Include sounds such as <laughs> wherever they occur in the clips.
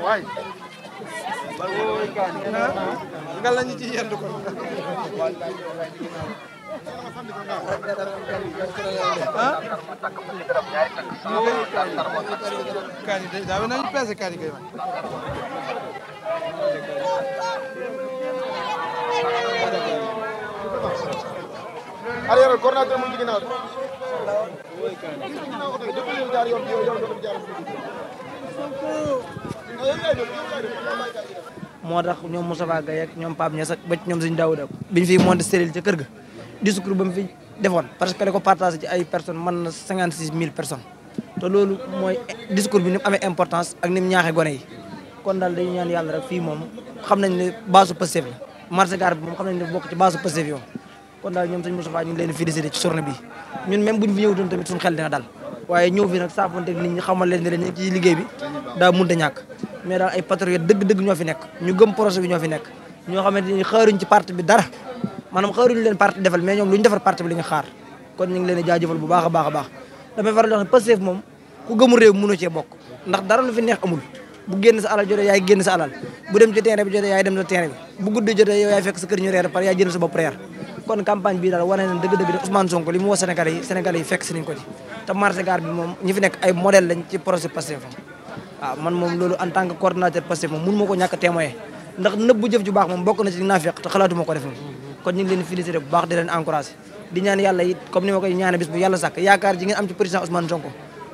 Why? nga lañu ci yendu ko ah. kaani day daa nañu kaani kay wax. arrière coordinateur mu ngi ginnaaw. gis nga ginnaaw oto moo tax ñoom Moustapha Gaye ak ñoom Pape Niass ak ba ñoom Serigne Daouda biñ fiy monté stérile ca kër ga discours ba mu fi defoon parce que da ko partagé ci ay personnes mën na cinquante six mille personnes te loolu mooy discours bi ni mu amee importance ak ni mu ñaaxee gone yi kon daal dañu ñaan yàlla rek fii moom xam nañ ne baasu Pastef la marché gaar bi moom xam nañ ne bokk ci baasu Pastef yoon kon daal ñoom Serigne Moustapha ñu ngi leen di félicité ci journée bi ñun même buñ fi ñëwutoon waaye ñëw fi nag saafonte nit ñi xamal leen ne leen ñu ci liggéey bi daa munta ñàkk mais daal ay patriote dëgg-dëgg ñoo fi nekk ñu gëm projet bi ñoo fi nekk ñoo xamante ni xaaruñ ci parti bi dara maanaam xaaruñu leen parti defal mais ñoom lu ñu defar parti bi la ñu xaar kon ñu ngi leen di jaajëfal bu baax a baax a baax damay faral di wax ne Pastef moom ku gëmul réew mënu cee bokk ndax dara lu fi neex amul bu génn sa alal a yaay génn sa alal bu dem ci terrain bi jotee yaay dem sa terrain bu guddi jotee yow yaay fekk sa ñu reer par yaay jël sa bopp reer kon campagne bi daal wane dëgg-dëgg de Ousmane Sonko li mu woo Sénégalais yi fekk si nañ ko ci te marché gaar bi ñi fi ay modèle lañ ci projet Pastef waaw man ma ko ñàkk témoin ndax nëbbu jëf ju baax moom bokk na ci naafiq te xalaatuma ko def kon ñu ngi leen félicité bu baax di leen encouragé di ñaan yàlla it comme ni ma koy ñaane bis bu yàlla sàkk yaakaar ji ngeen am ci président Ousmane Sonko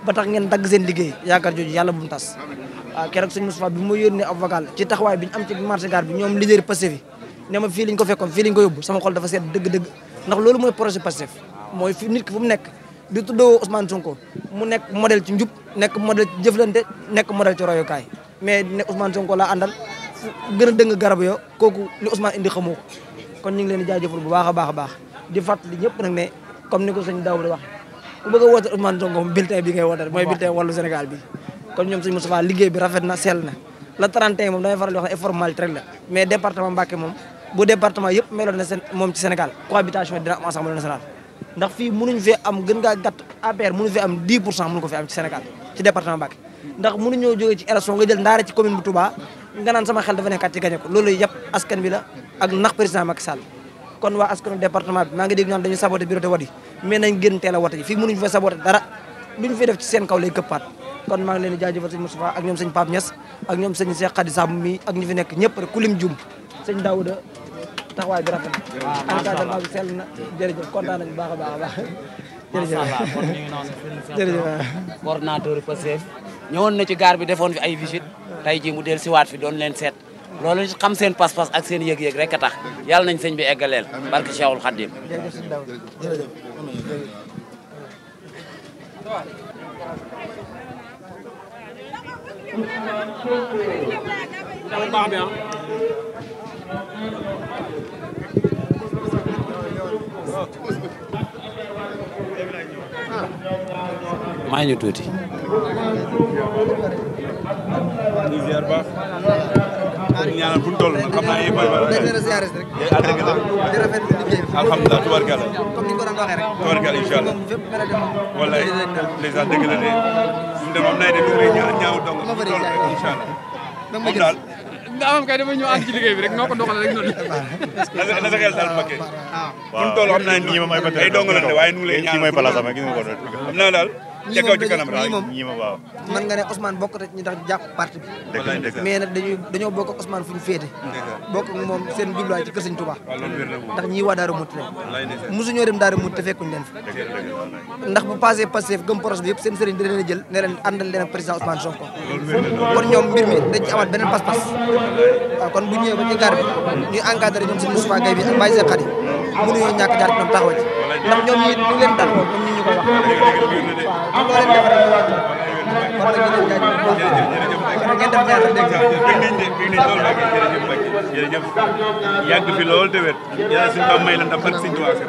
ba ngeen dagg seen liggéey yaakaar jooju yàlla bu mu tas keroog ne ma fii ko fekkoon fii liñ ko yóbbu sama xol dafa seet dëgg-dëgg ndax loolu mooy projet Pastef mooy fi nit ki fu nekk di tuddoo Ousmane Sonko mu nekk modèle ci njub nekk modèle ci jëflante nekk modèle ci mais ne Ousmane Sonko laa àndal gën a dëng garab yo kooku li Ousmane indi xamoo kon ñu ngi leen di jaajëfal bu baax baax a baax di fàttali ñëpp nag ne comme ni ko sëñ Daoud di wax ku bëgg a woote Ousmane Sonko moom bulletin bi ngay woote mooy bulletin wàllu Sénégal bi kon ñoom rafet na sell na la 31 moom damay faral la mais département Mbacké moom bu département yëpp meloon na seen moom ci Sénégal cohabitation dina am assemblée nationale ndax fii mënuñ fee am gën ngaa gàtt APR mënuñ fee am 10 pour cent mënu fee am ci Sénégal ci département Mbacké ndax mënuñoo jógee ci élection nga jël ndaare bi ak nax président Macky Sall kon waa askanu département bi maa ngi dégg ñoom dañu saboté bureau de vote nañ gën teel a wote ji fii mënuñ fee saboté dara luñ fee def ci seen kaw lay këppaat kon maa ngi leen di jaajëfal sëñ Moustapha ak ñoom sëñ Pape Niass ak ñoom sëñ Cheikh Khady Samb mi ak ñu fi nekk ñëpp rek ku lim jum sëñ taxawaay bi rafet na encadrement bi sell na jërëjëf kontaan nañu baax a baax a baax jërëjëf kon ñu ngi noonu jërëjëf coordinateur Pastef ñëwoon na ci gaar bi defoon fi ay visite tey jii mu del si waat fi doon leen seet loolu xam seen pas-pas ak seen yëg-yëg rek a tax yàlla nañ sëñ bi eggaleel barke Cheikhul Khadim jërëjëf maa ngi ñu tuuti. ñu ziar baax. ñu ñaanal bu ñu toll xam naa yéen bari bari. alhamdulilah tubarkalla. tubarkalla incha allah. walaay dèjà dëgg la de. ñu demoon nay de ñu ngi ñaaw dong. incha allah moom daal. amam kay dafa ñëw ànd ci liggéey bi rek noo ko doxalee rek noonu. na sa xel daal Mbacké. waaw waaw xam naa nii moom ay bëtër ay dong la ne waaye nu mu lay ñaanal. kii mooy daal. ca kaw ci moom waaw man nga ne Ousmane bokk na ñu tax jàpp parti bi mais nag dañuy dañoo bokk ak fu ñu féete bokk moom seen jubluwaay ci kër Sëñ Tuubaa ndax ñi waa Daaru Muti rek mosuñoo dem Daaru Muti te fekkuñ leen fi ndax bu passé Pastef gëm poros bi yëpp seen sëriñ dina leen a jël ne leen àndal leen ak président Ousmane Sonko kon ñoom mbir mi dañ ci amaat beneen pas-pas waaw kon bu ñëwee ba ci gaar bi ñuy encadré ñoom suñu Moustapha Gaye bi ak Baye Seex Xadi mënuñoo ñàkk jaar ñoom taxawa ci ndax ñoom it lu ngeen tàggoo comme ni ñu ko wax waaw loo leen defal rek wax la kon nag ñu leen jaajëfal ngeen def ñaata dégg jërëjëf yàgg fi lool te wet yàlla suñu Bàmba may la ndam ak suñu waase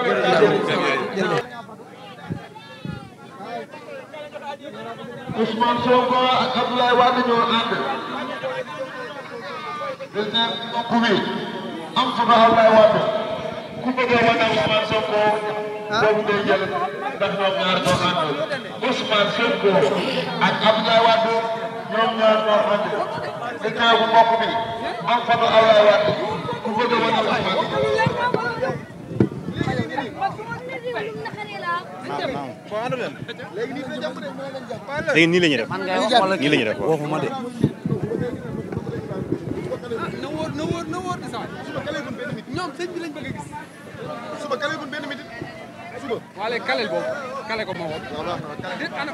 Ousmane Sonko ak Abdoulaye Wade ñoo ànd président mbokk bi am fa Abdoulaye Wade ku bëgg a wane Ousmane Sonko boobu day jël ndax ñoom ñaar ñoo ànd Ousmane Sonko ak Abdoulaye Wade ñoom ñaar ñoo ànd dëkkaa bu mbokk bi am photo Abdoulaye Wade ku bëgg a wane Ousmane léegi nii la ñuy def nii la ñuy def waxuma de ah, na wóor na wóor na wóor de sax suba kaleegul benn minute ñoom sëñ bi lañ bëgg a gis suba kaleegul benn minute suba. waa léegi kale boobu kale ko moo ko. déet ana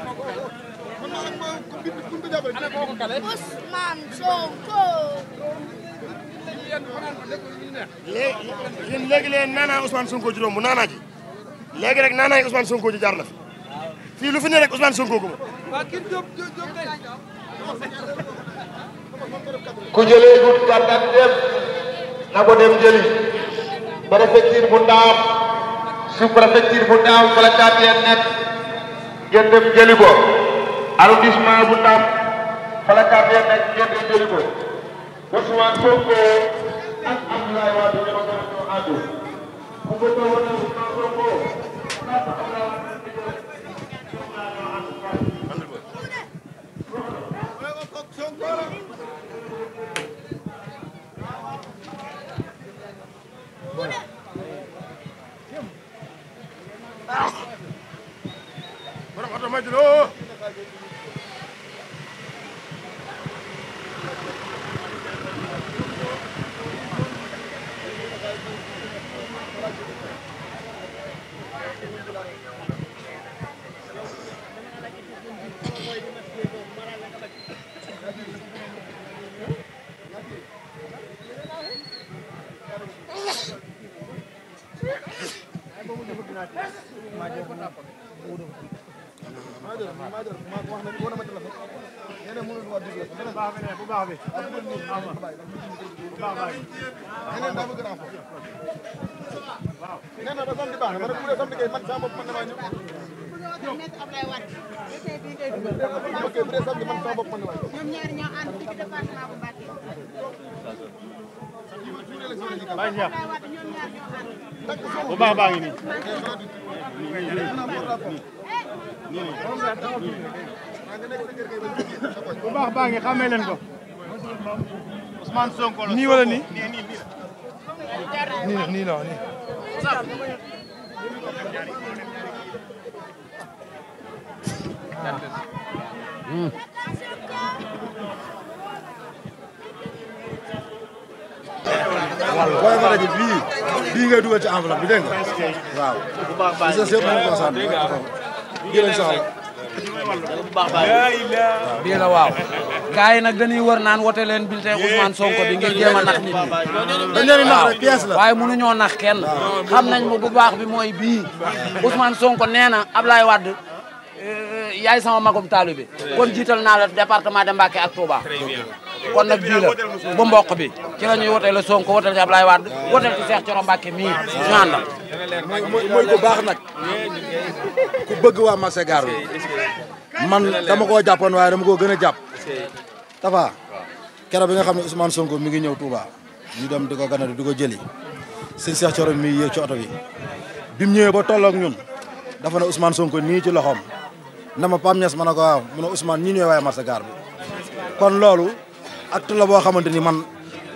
ji léegi rek naanaa yi Ousmane ji jaar fii lu fi ne rek Ousmane ko ma. ku jëlee guddi gàttal dem na ko dem jëli préfecture bu ndaam. sous-préfecture bu daaw fa la KPN nekk ngeen dem jëli ko arrondissement bu Ndam fa la KPN nekk ngeen dem jëli ko Ousmane Sonko ak Abdoulaye Wade ñoo ñoo ànd ku bëgg a wane Ousmane Sonko ak Abdoulaye Wade ñoo ànd Bañ ya bu baax baa ngi nii baax baa ngi xamee leen ko Ousmane Sonko la nii wala nii nii nii la nii hmm. booy ma daje bii bii ci enveloppe bi dégg nga waaw. li sa seet bii la waaw. gars yi nag dañuy wër naan wote leen bulletin Ousmane Sonko bi ngir jéem nax nit ñi. dañ leen di nax rek pièce la waaye mënuñoo nax kenn. xam nañ ma bu baax bi mooy bii Ousmane Sonko nee na Ablaye Wade. Euh, yaay sama magum bi kon jiital naa la département de Mbacké ak kon nag bii bu mboq bi ci la ñuy woteel Sonko woteel ci Ablaye Wade woteel ci Cheikh Thioro Mbacké mii ñu àndal mooy ku baax nag ku bëgg waa marché Gare man dama koo jàppoon waaye dama koo gën a jàpp Tafa keroog bi nga xam ne Ousmane Sonko mi ngi ñëw tuuba ñu dem di ko gana di ko jëli sëñ Cheikh Thioro mi yéeg ci oto bi bi mu ñëwee ba tolloog ñun dafa ne Ousmane Sonko nii ci loxoom na ma Pam Niass ma ko waaw mu ne Ousmane ñi ñooy waaye marché Gare bi kon loolu ak la boo xamante ni man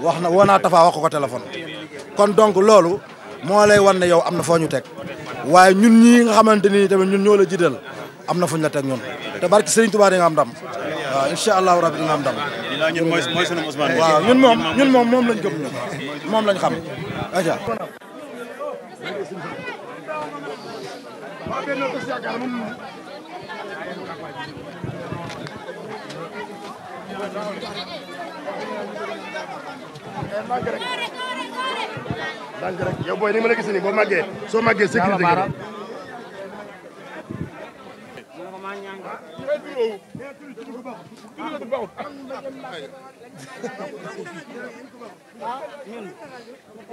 wax na woo naa Tafa wax ko ko kon donc loolu moo lay wan ne yow am na foo ñu teg waaye ñun ñii nga xamante ni tamit ñun ñoo la jiital am na fuñ la teg ñun te barki Serigne Touba nga am ndam waaw incha allahu rabi di nga am ndam. ñun mooy mooy moom moom lañ gëm xam. ndànk rek ndànk rek yow booy ni la gis nii soo màggee sécurité ñun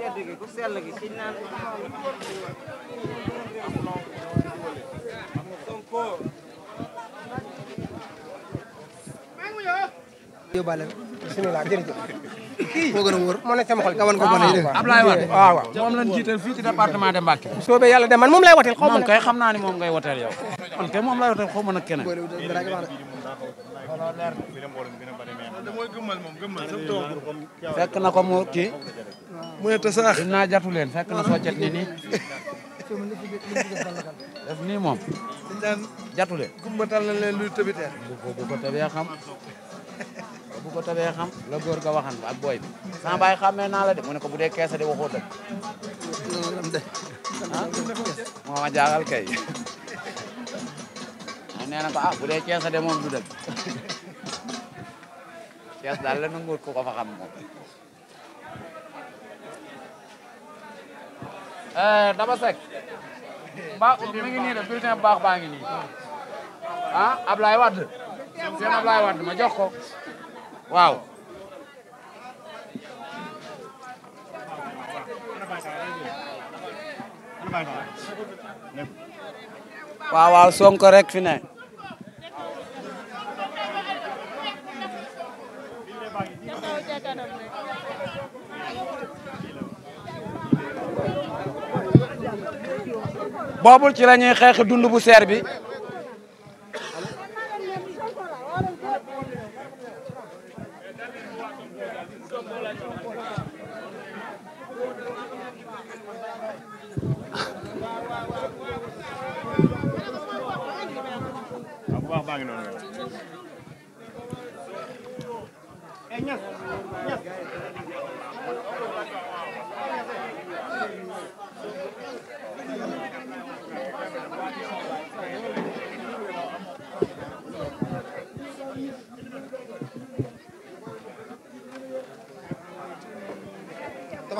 ku tedd ku sell gi ci naan Sonko yóbbaale bisimilah jërëjëf. kii moo gën a wóor moo nekk sama ko mën a yéene. Ablaye Wade waaw waaw moom lañ jiital fii ci département de Mbacké. yàlla de man moom lay woteel xaw ma. xam naa ne moom ngay woteel yow. man kay moom lay woteel xaw ma nag keneen. fekk na ko mu kii. mu ne tasaax dinaa jatu leen fekk na soo ni nii. def nii moom. jatu leen. kumbatal na leen luy tëbiteer. bu ko bu ko bu ko tabee xam la góor ga waxan ak booy bi sama baay xàmmee naa la de mu ne ko bu dee keesa de waxoo dëgg <laughs> moo ma jaaxal kay nee na ko ah bu dee keesa de moom du dëgg <laughs> kees daal la nanguut ko ko fa xam moom eh, dama sek ba mi ngi nii de bulletin baax baa ngi nii ah Ablaye Wade ma jox waaw. waaw Sonko rek fi boobul ci la ñuy xeex dund bu seer bi waaw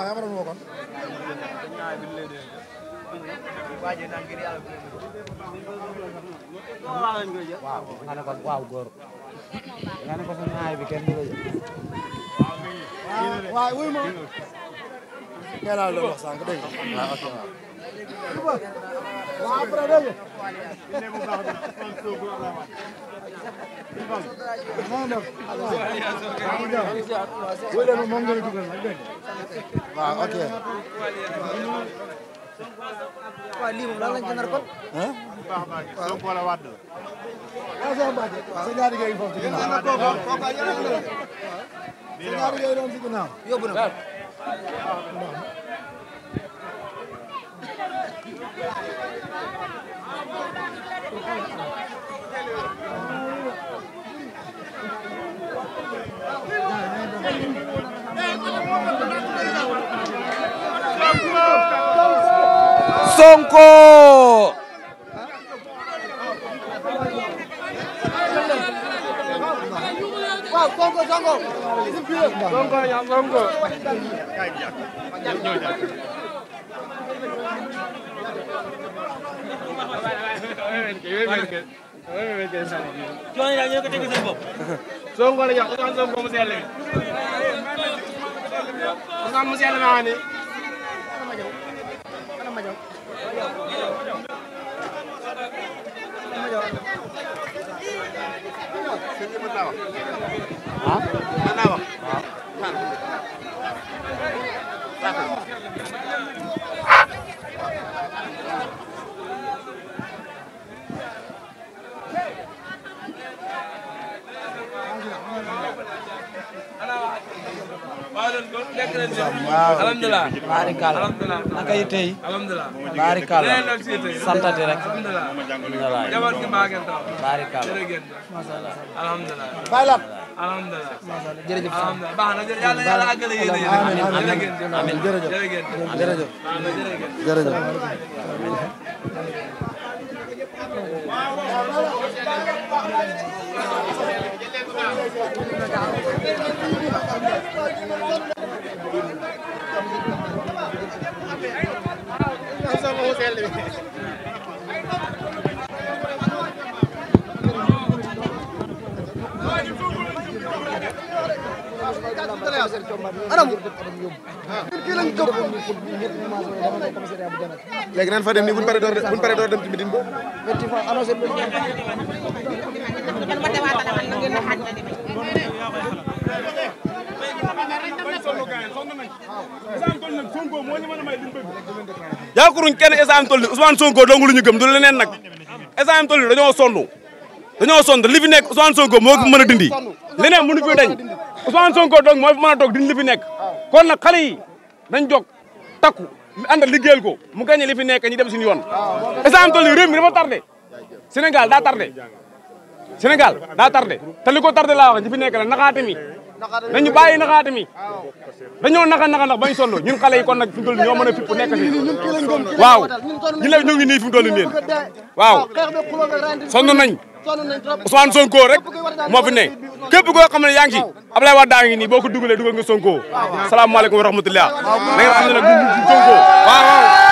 yaa ma woo kon. waaw ana ko nga ne ko seen aay bi kenn du la jël. waaw waaye wuy ma. nee naa la doon wax sànq dégg nga waaw ok waaw. waaw après dégg nga. waaw ok. waaw lii moom lan lañ ci nar kon. waaw Sonko Sonko ya Sonko jooni daal ñoo ko tegi seen bopp Sonko la jox Ousmane Sonko mu sell mi Ousmane mu sell maa ni ah. mën naa wax. waaw. waaw alhamdulilah baarikàlla naka yi tey baarikàlla santati rek baarikàlla alhamdulilah jërëjëf baax na yàlla yàlla àggale yéen amiin amiin jërëjëf jërëjëf jërëjëf jërëjëf léegi naan fa dem nii buñ paree door buñ paree door dem ci mitin boobu. yaakaaruñ kenn esam tol ni Ousmane Sonko dong lu ñu gëm du leneen nag esam tol ni dañoo sonn dañoo sonn li fi nekk Ousmane moo mën a dindi leneen mënu fi dañ Ousmane Sonko dong moo fi mën a toog dindi li fi nekk kon nag xale yi nañ jóg takku ànd ko mu gagné li fi nekk ñu dem suñu yoon esam tol ni réew mi dafa tardé Sénégal daa tardé Sénégal daa tardé te li ko tardé laa wax fi nekk la naxaate nañu bàyyi naxaate mi dañoo naxa naxa ndax bañ solo ñun xale yi kon nag fi mu toll ñoo mën a fipp nekk la ñu ngi nii fi mu toll nii waaw sonn nañ Ousmane Sonko rek moo fi ne képp koo xam ne yaa ngi ci Abdoulaye Wade daa ngi nii boo ko dugalee dugal nga Sonko salaamaaleykum wa rahmatulah na nga xam ne nag Sonko